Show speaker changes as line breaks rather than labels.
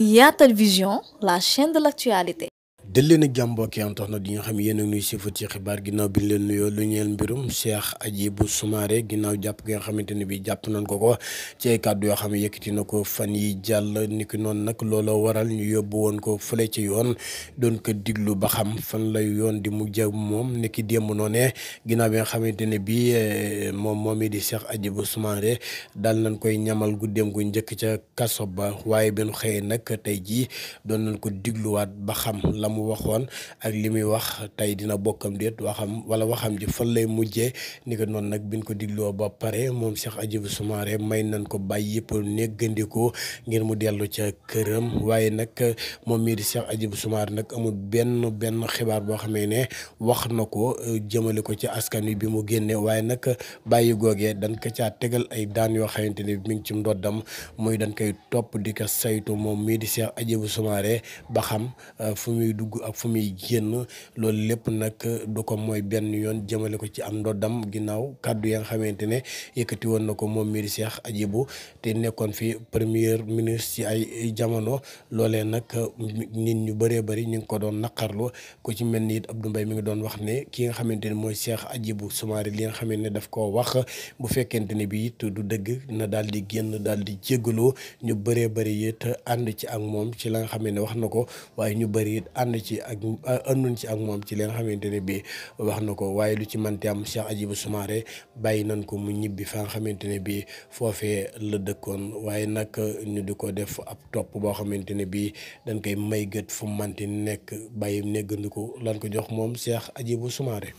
Yatal Vision la chaîne de l'actualité dël leen ak jàmm mbokk yi am tax na di nga xam yéen a nuyu si ci xibaar ginnaaw bi ñu leen nuyoo lu ñeel mbirum Cheikh Hadjibou Soumaré ginnaaw jàpp gi nga xamante ne bii jàpp nañ ko ko ci ay kàddu yoo xam ne yëkkati na ko fan yi jàll ni noonu nag looloo waral ñu yóbbu woon ko fële ci yoon doon ko diglu ba xam fan lay yoon di mu jëm moom ni ki démb noonee ginnaaw bi nga xamante ne bii eh, moom moom it di aji bu Soumaré daal nañ koy ñamal guddeem gu njëkk ca kaso ba waaye benn xëyee nag tey jii doon nañ ko digluwaat ba xam la mu waxoon ak li muy wax tey dina bokkam déet waxam wala waxam ji fan lay mujjee ni ko noonu nag bi nu ko digloo ba pare moom Cheikh Hadjibou Soumaré may nañ ko bàyyi yëpp néggandiku ngir mu dellu ca këram waaye nag moom mii di Cheikh nag amul benn benn xibaar boo xamee ne wax na ko euh, jëmale ko ci askan wi bi mu génne waaye nag bàyyi googee dan ko caa tegal ay daan yoo xamante ne bi ngi ci ndoddam muy dañ koy topp di ko saytu moom mii di Cheikh Hadjibou Soumaré ba xam euh, fu muy dugg dugg ak fu muy génn loolu lépp nag du ko mooy benn yoon jëmale ko ci am ndoddam ginnaaw kàddu ya nga xamante ne yëkkati woon na ko moom mii di Cheikh Hadjibou te nekkoon fi premier ministre ci ay jamono loolee nag nit ñu bëree bëri ñu ngi ko doon naqarlu ku ci mel ni it Abdou Mbaye mi ngi doon wax ne ki nga xamante ne mooy Cheikh Hadjibou Soumaré li nga xamante ne daf koo wax bu fekkente ni bi it du dëgg na daal di génn daal di jéggaloo ñu bëree bëri it ànd ci ak moom ci la nga xam wax na ko waaye ñu bëri it ànd ci ak a ànduñ ci ak moom ci li xamante ne bii wax na ko waaye lu ci manti am Cheikh Hadjibou Soumaré bàyyi nañ ko mu ñibbi fa nga xamante ne bii foofee la dëkkoon waaye nag ñu di ko def ab topp boo xamante ne bii dañ koy may gët fu mu manti nekk bàyyi néggandiku lan ko jox moom Cheikh Hadjibou Soumaré